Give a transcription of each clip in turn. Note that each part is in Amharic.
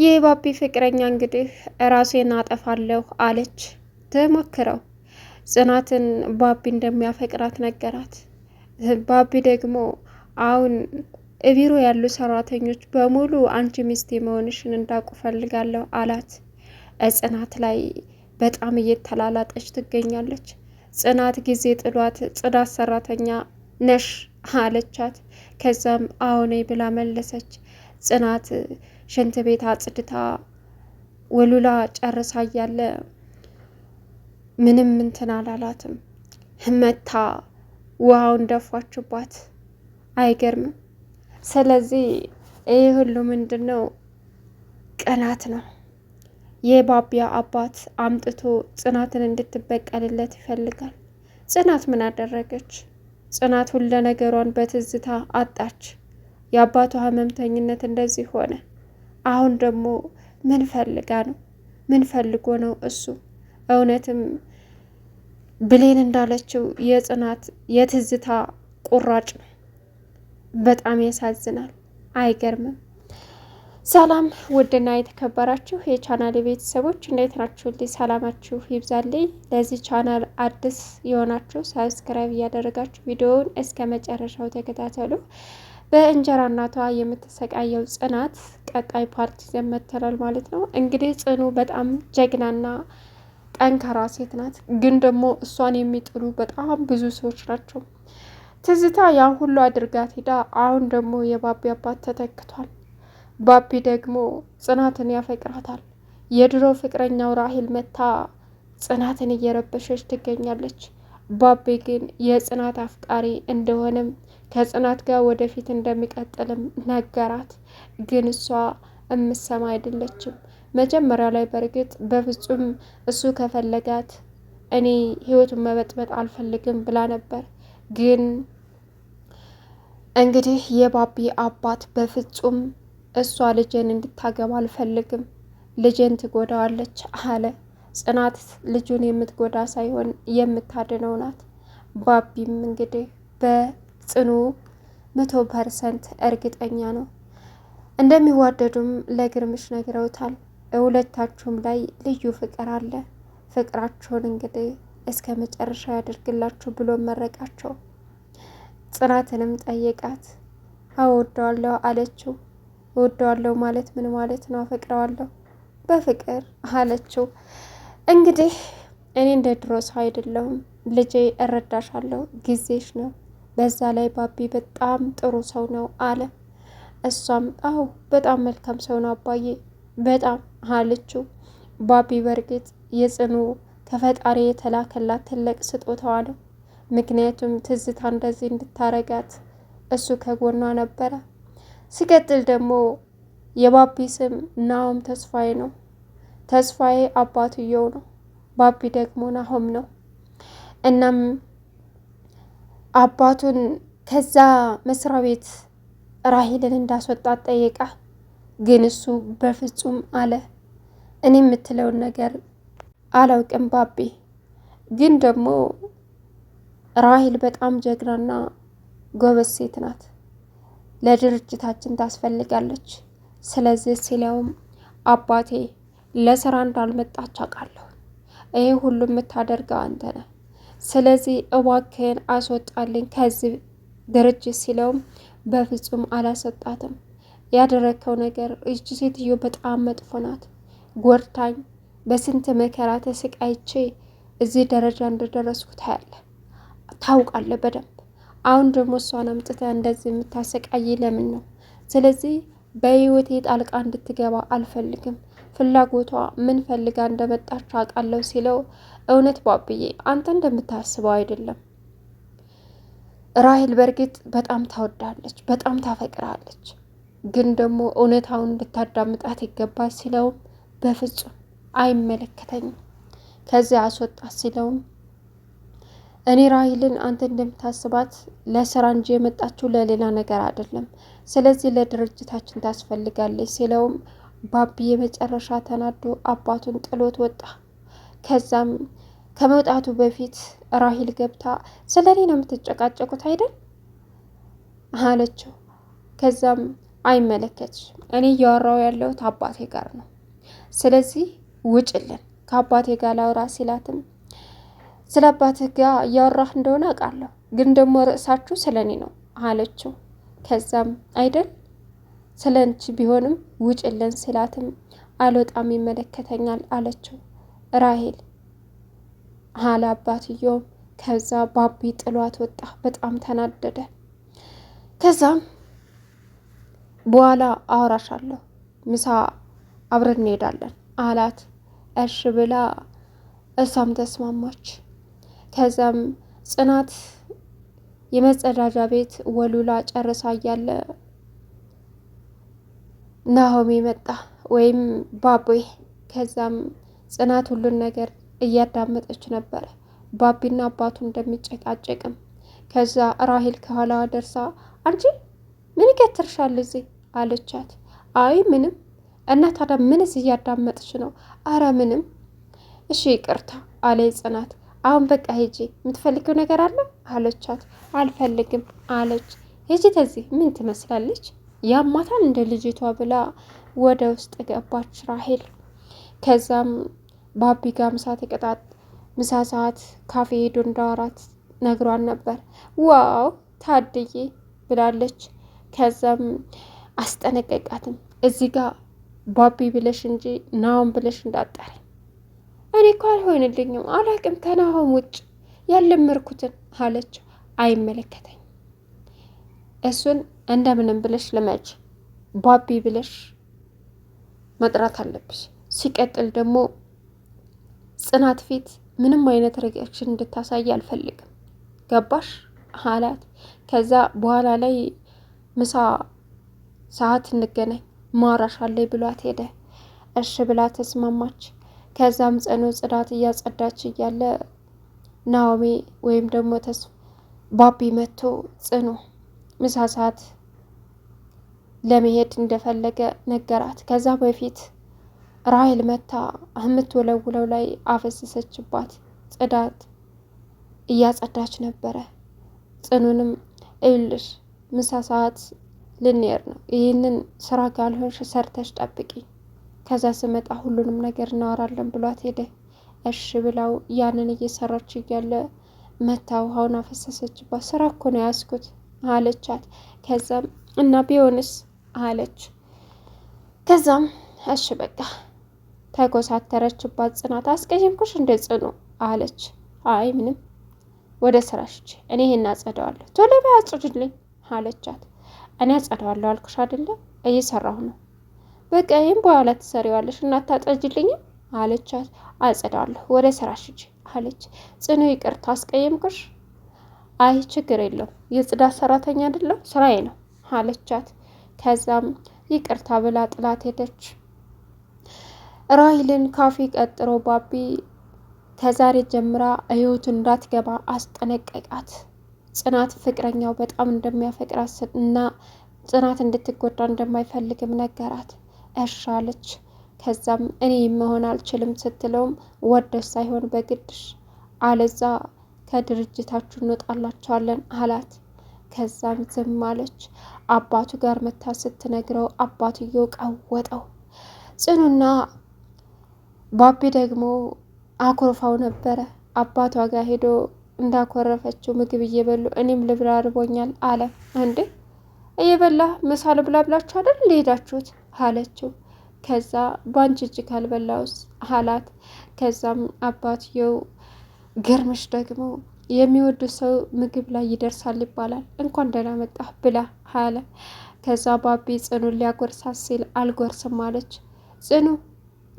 ይህ የባቢ ፍቅረኛ እንግዲህ ራሴን አጠፋለሁ አለች። ተሞክረው ጽናትን ባቢ እንደሚያፈቅራት ነገራት። ባቢ ደግሞ አሁን እቢሮ ያሉ ሰራተኞች በሙሉ አንቺ ሚስቴ መሆንሽን እንዳውቁ ፈልጋለሁ አላት። ጽናት ላይ በጣም እየተላላጠች ትገኛለች። ጽናት ጊዜ ጥሏት ጽዳት ሰራተኛ ነሽ አለቻት። ከዛም አሁኔ ብላ መለሰች ጽናት ሽንት ቤት አጽድታ ወሉላ ጨርሳ እያለ ምንም እንትን አላላትም። ህመታ ውሃውን ደፏችባት። አይገርምም? ስለዚህ ይህ ሁሉ ምንድን ነው? ቅናት ነው። የባቢያ አባት አምጥቶ ጽናትን እንድትበቀልለት ይፈልጋል። ጽናት ምን አደረገች? ጽናት ሁለ ነገሯን በትዝታ አጣች። የአባቷ ህመምተኝነት እንደዚህ ሆነ። አሁን ደግሞ ምን ፈልጋ ነው? ምን ፈልጎ ነው እሱ? እውነትም ብሌን እንዳለችው የጽናት የትዝታ ቁራጭ ነው። በጣም ያሳዝናል። አይገርምም። ሰላም ውድና የተከበራችሁ የቻናል ቤተሰቦች እንዴት ናችሁልኝ? ሰላማችሁ ይብዛልኝ። ለዚህ ቻናል አዲስ የሆናችሁ ሰብስክራይብ እያደረጋችሁ ቪዲዮውን እስከ መጨረሻው ተከታተሉ። በእንጀራ እናቷ የምትሰቃየው ጽናት ቀጣይ ፓርቲ ዘመተላል ማለት ነው። እንግዲህ ጽኑ በጣም ጀግናና ጠንካራ ሴት ናት። ግን ደግሞ እሷን የሚጥሉ በጣም ብዙ ሰዎች ናቸው። ትዝታ ያ ሁሉ አድርጋት ሄዳ አሁን ደግሞ የባቢ አባት ተተክቷል። ባቢ ደግሞ ጽናትን ያፈቅራታል። የድሮ ፍቅረኛው ራሂል መታ ጽናትን እየረበሸች ትገኛለች። ባቢ ግን የጽናት አፍቃሪ እንደሆነም ከጽናት ጋር ወደፊት እንደሚቀጥልም ነገራት። ግን እሷ እምሰማ አይደለችም። መጀመሪያ ላይ በእርግጥ በፍጹም እሱ ከፈለጋት እኔ ህይወቱን መበጥበጥ አልፈልግም ብላ ነበር። ግን እንግዲህ የባቢ አባት በፍጹም እሷ ልጄን እንድታገባ አልፈልግም፣ ልጄን ትጎዳዋለች አለ። ጽናት ልጁን የምትጎዳ ሳይሆን የምታድነው ናት። ባቢም እንግዲህ በ ጽኑ መቶ ፐርሰንት እርግጠኛ ነው። እንደሚዋደዱም ለግርምሽ ነግረውታል። ሁለታችሁም ላይ ልዩ ፍቅር አለ። ፍቅራችሁን እንግዲህ እስከ መጨረሻ ያደርግላችሁ ብሎ መረቃቸው። ጽናትንም ጠየቃት። አወደዋለሁ አለችው። ወደዋለሁ ማለት ምን ማለት ነው? አፈቅረዋለሁ በፍቅር አለችው። እንግዲህ እኔ እንደ ድሮስ አይደለሁም ልጄ፣ እረዳሻለሁ። ጊዜሽ ነው በዛ ላይ ባቢ በጣም ጥሩ ሰው ነው አለ። እሷም አው በጣም መልካም ሰው ነው አባዬ በጣም አለችው። ባቢ በእርግጥ የጽኑ ከፈጣሪ የተላከላት ትልቅ ስጦታዋ ነው። ምክንያቱም ትዝታ እንደዚህ እንድታረጋት እሱ ከጎኗ ነበረ። ሲቀጥል ደግሞ የባቢ ስም ናሆም ተስፋዬ ነው። ተስፋዬ አባትየው ነው፣ ባቢ ደግሞ ናሆም ነው። እናም አባቱን ከዛ መስሪያ ቤት ራሂልን እንዳስወጣት ጠየቃ። ግን እሱ በፍጹም አለ እኔ የምትለውን ነገር አላውቅም ባቤ። ግን ደግሞ ራሂል በጣም ጀግናና ጎበዝ ሴት ናት፣ ለድርጅታችን ታስፈልጋለች። ስለዚህ ሲለውም አባቴ ለስራ እንዳልመጣች አውቃለሁ፣ ይህ ሁሉ የምታደርገው አንተ ነህ ስለዚህ እባክህን አስወጣልኝ ከዚህ ድርጅት ሲለውም በፍጹም አላሰጣትም። ያደረከው ነገር እጅ ሴትዮ በጣም መጥፎ ናት፣ ጎርታኝ በስንት መከራ ተሰቃይቼ እዚህ ደረጃ እንደደረስኩ ታያለ ታውቃለ በደንብ። አሁን ደግሞ እሷን አምጥተ እንደዚህ የምታሰቃይ ለምን ነው? ስለዚህ በህይወቴ ጣልቃ እንድትገባ አልፈልግም። ፍላጎቷ ምን ፈልጋ እንደመጣች አውቃለሁ ሲለው እውነት ባብዬ አንተ እንደምታስበው አይደለም። ራሄል በእርግጥ በጣም ታወዳለች፣ በጣም ታፈቅራለች። ግን ደግሞ እውነታውን እንድታዳምጣት ይገባል ሲለውም በፍጹም አይመለከተኝም፣ ከዚያ አስወጣት ሲለውም እኔ ራሄልን አንተ እንደምታስባት ለስራ እንጂ የመጣችው ለሌላ ነገር አይደለም። ስለዚህ ለድርጅታችን ታስፈልጋለች ሲለውም ባቢ የመጨረሻ ተናዶ አባቱን ጥሎት ወጣ። ከዛም ከመውጣቱ በፊት ራሂል ገብታ ስለ እኔ ነው የምትጨቃጨቁት አይደል አለችው። ከዛም አይመለከትሽም፣ እኔ እያወራው ያለሁት አባቴ ጋር ነው። ስለዚህ ውጭልን ከአባቴ ጋር ላውራ ሲላትም ስለ አባትህ ጋር እያወራህ እንደሆነ አውቃለሁ ግን ደግሞ ርዕሳችሁ ስለ እኔ ነው አለችው። ከዛም አይደል ስለ አንቺ ቢሆንም ውጭልን ስላትም አልወጣም ይመለከተኛል አለችው ራሄል አለ አባትየውም። ከዛ ባቢ ጥሏት ወጣ። በጣም ተናደደ። ከዛም በኋላ አለሁ ምሳ አብረን እንሄዳለን አላት። እሽ ብላ እሷም ተስማማች። ከዛም ጽናት የመጸዳጃ ቤት ወሉላ ጨርሳ እያለ ናሆሜ መጣ፣ ወይም ባቦይ። ከዛም ጽናት ሁሉን ነገር እያዳመጠች ነበር። ባቢና አባቱ እንደሚጨቃጨቅም። ከዛ ራሄል ከኋላዋ ደርሳ አንቺ ምን ይከትርሻል እዚህ አለቻት። አይ ምንም። እና ታዲያ ምንስ እያዳመጥች ነው? አረ ምንም። እሺ ይቅርታ አለ ጽናት። አሁን በቃ ሂጂ፣ የምትፈልጊው ነገር አለ አለቻት። አልፈልግም አለች። ሂጂ ተዚህ ምን ትመስላለች ያማታን እንደ ልጅቷ ብላ ወደ ውስጥ ገባች ራሄል። ከዛም ባቢ ጋ ምሳ ተቀጣጥ ምሳ ሰዓት ካፌ ሄዶ እንዳወራት ነግሯን ነበር። ዋው ታድዬ ብላለች። ከዛም አስጠነቀቃትም እዚህ ጋር ባቢ ብለሽ እንጂ ናውን ብለሽ እንዳጠረ እኔ እኮ አልሆንልኝም አላቅም ተናሆም ውጭ ያልለመድኩትን አለች። አይመለከተኝ እሱን እንደምንም ብለሽ ልመጅ ባቢ ብለሽ መጥራት አለብሽ። ሲቀጥል ደግሞ ጽናት ፊት ምንም አይነት ሪያክሽን እንድታሳይ አልፈልግም። ገባሽ አላት። ከዛ በኋላ ላይ ምሳ ሰዓት እንገናኝ ማውራሻለሁ ብሏት ሄደ። እሺ ብላ ተስማማች። ከዛም ጽኑ ጽዳት እያጸዳች እያለ ናኦሚ ወይም ደግሞ ተስ ባቢ መጥቶ ጽኑ ምሳ ሰዓት ለመሄድ እንደፈለገ ነገራት። ከዛ በፊት ራይል መታ የምትወለውለው ላይ አፈሰሰችባት። ጽዳት እያጸዳች ነበረ። ጽኑንም እዩልሽ ምሳ ሰዓት ልንሄድ ነው፣ ይህንን ስራ ካልሆንሽ ሰርተሽ ጠብቂኝ ከዛ ስመጣ ሁሉንም ነገር እናወራለን ብሏት ሄደ። እሺ ብላው ያንን እየሰራች እያለ መታ ውሃውን አፈሰሰችባት። ስራ እኮ ነው ያስኩት አለቻት። ከዛም እና ቢሆንስ አለች። ከዛም እሺ በቃ ተኮሳተረችባት። ጽናት አስቀየምኩሽ እንደ ጽኑ አለች። አይ ምንም ወደ ስራሽች እኔ ይሄን አጸደዋለሁ፣ ቶሎ በይ አለቻት። እኔ አጸደዋለሁ አልኩሽ አይደለም እየሰራሁ ነው በቃ ይህም በኋላ ትሰሪዋለሽ እና ታጸጅልኝም አለቻት። አጸዳለሁ ወደ ስራሽ ሂጂ አለች። ጽኑ ይቅርታ አስቀየምኩሽ። አይ ችግር የለው የጽዳት ሰራተኛ አይደለም ስራዬ ነው አለቻት። ከዛም ይቅርታ ብላ ጥላት ሄደች። ራሂልን ካፌ ቀጥሮ ባቢ ከዛሬ ጀምራ ህይወቱ እንዳትገባ አስጠነቀቃት። ጽናት ፍቅረኛው በጣም እንደሚያፈቅራት እና ጽናት እንድትጎዳ እንደማይፈልግም ነገራት። እሺ አለች። ከዛም እኔ መሆን አልችልም ስትለውም ወደሽ ሳይሆን በግድሽ አለዛ ከድርጅታችሁ እንወጣላችኋለን አላት። ከዛም ዝም አለች። አባቱ ጋር መታ ስትነግረው አባትየው ቀወጠው። ጽኑና ባቢ ደግሞ አኩርፋው ነበረ። አባቷ ጋር ሄዶ እንዳኮረፈችው ምግብ እየበሉ እኔም ልብላ አርቦኛል አለ። እንዴ እየበላ ምሳ ልብላ ብላችሁ አይደል እንደሄዳችሁት አለችው። ከዛ ባንቺ እጅ ካልበላውስ አላት። ከዛም አባትየው ግርምሽ ደግሞ የሚወዱ ሰው ምግብ ላይ ይደርሳል ይባላል፣ እንኳን ደህና መጣ ብላ አለ። ከዛ ባቢ ጽኑን ሊያጎርሳት ሲል አልጎርስም አለች። ጽኑ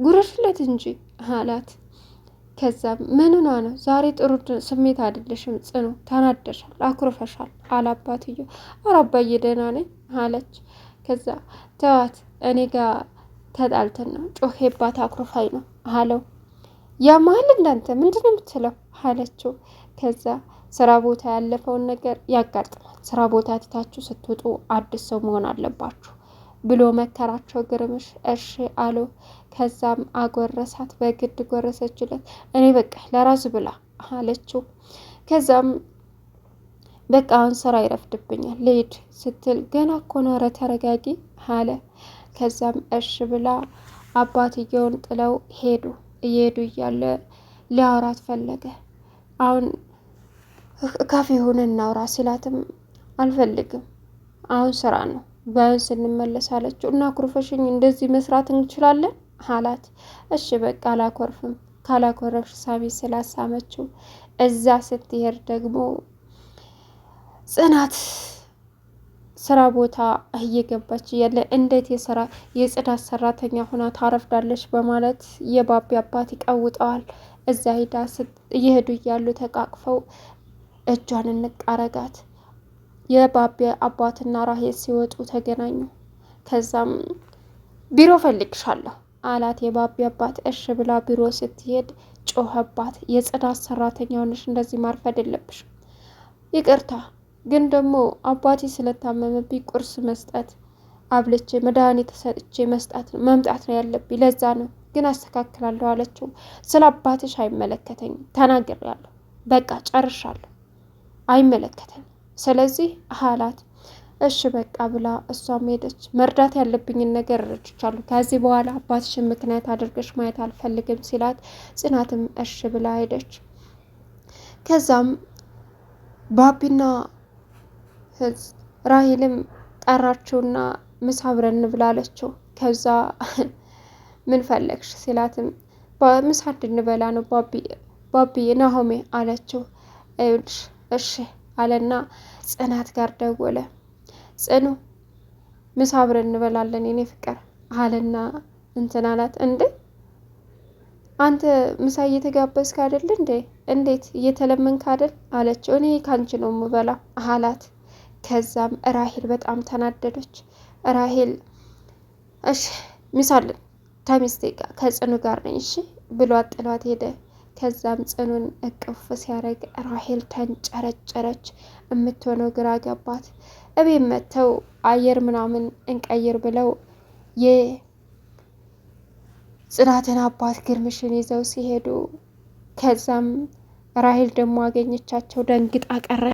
ጉረሽለት እንጂ አላት። ከዛ ምንና ነው ዛሬ ጥሩ ስሜት አይደለሽም ጽኑ፣ ተናደሻል፣ አኩርፈሻል አለ አባትየው። ኧረ ደህና ነኝ አለች። ከዛ ተዋት እኔ ጋር ተጣልተን ነው ጮሄባት አኩርፋኝ ነው አለው። መሀል እንዳንተ ምንድን ነው የምትለው አለችው። ከዛ ስራ ቦታ ያለፈውን ነገር ያጋጥማል። ስራ ቦታ ትታችሁ ስትወጡ አዲስ ሰው መሆን አለባችሁ ብሎ መከራቸው። ግርምሽ እሺ አለው ከዛም አጎረሳት፣ በግድ ጎረሰችለት። እኔ በቃ ለራሱ ብላ አለችው። ከዛም በቃ አሁን ስራ ይረፍድብኛል ልሂድ ስትል ገና እኮ ተረጋጊ አለ። ከዛም እሽ ብላ አባትየውን ጥለው ሄዱ። እየሄዱ እያለ ሊያወራት ፈለገ። አሁን ካፌ ሆነ እናውራ ሲላትም አልፈልግም፣ አሁን ስራ ነው በያን ስንመለስ አለችው። እና ኩርፈሽኝ እንደዚህ መስራት እንችላለን አላት። እሺ በቃ አላኮርፍም፣ ካላኮረፍሽ ሳሚ ስላሳመችው እዛ ስትሄድ ደግሞ ጽናት ስራ ቦታ እየገባች እያለ እንዴት የስራ የጽዳት ሰራተኛ ሆና ታረፍዳለች በማለት የባቢ አባት ይቀውጠዋል። እዛ ሂዳ እየሄዱ እያሉ ተቃቅፈው እጇን እንቃረጋት የባቢ አባትና ራሄል ሲወጡ ተገናኙ። ከዛም ቢሮ ፈልግሻለሁ አላት የባቢ አባት። እሽ ብላ ቢሮ ስትሄድ ጮኸባት። የጽዳት ሰራተኛ ሆነሽ እንደዚህ ማርፈድ የለብሽም ይቅርታ ግን ደግሞ አባቴ ስለታመመብኝ ቁርስ መስጠት አብልቼ መድኃኒት ሰጥቼ መስጣት መምጣት ነው ያለብኝ። ለዛ ነው ግን አስተካክላለሁ አለችው። ስለ አባትሽ አይመለከተኝም ተናግሬያለሁ፣ በቃ ጨርሻለሁ፣ አይመለከተኝ ስለዚህ አላት። እሺ በቃ ብላ እሷም ሄደች። መርዳት ያለብኝን ነገር ረድቻለሁ፣ ከዚህ በኋላ አባትሽን ምክንያት አድርገሽ ማየት አልፈልግም ሲላት፣ ጽናትም እሺ ብላ ሄደች። ከዛም ባቢና ራሂልም ጠራችውና ምሳ አብረን እንብላ ከዛ ምን ፈለግሽ ሲላትም ምሳ እንድንበላ ነው ባቢ ባቢ ናሆሜ አለችው። እሺ አለና ጽናት ጋር ደወለ። ጽኑ ምሳ አብረን እንበላለን የኔ ፍቅር አለና እንትን አላት። እንዴ አንተ ምሳ እየተጋበዝክ አይደል እንዴ? እንዴት እየተለመንክ አይደል አለችው። እኔ ካንቺ ነው የምበላ አላት። ከዛም ራሄል በጣም ተናደደች። ራሄል እሺ ሚሳልን ከሚስቴ ጋር ከጽኑ ጋር ነኝ እሺ ብሏት ጥሏት ሄደ። ከዛም ጽኑን እቅፍ ሲያደርግ ራሄል ተንጨረጨረች። የምትሆነው ግራ ገባት። እቤት መጥተው አየር ምናምን እንቀይር ብለው የጽናትን አባት ግርምሽን ይዘው ሲሄዱ ከዛም ራሄል ደግሞ አገኘቻቸው። ደንግጣ ቀረ።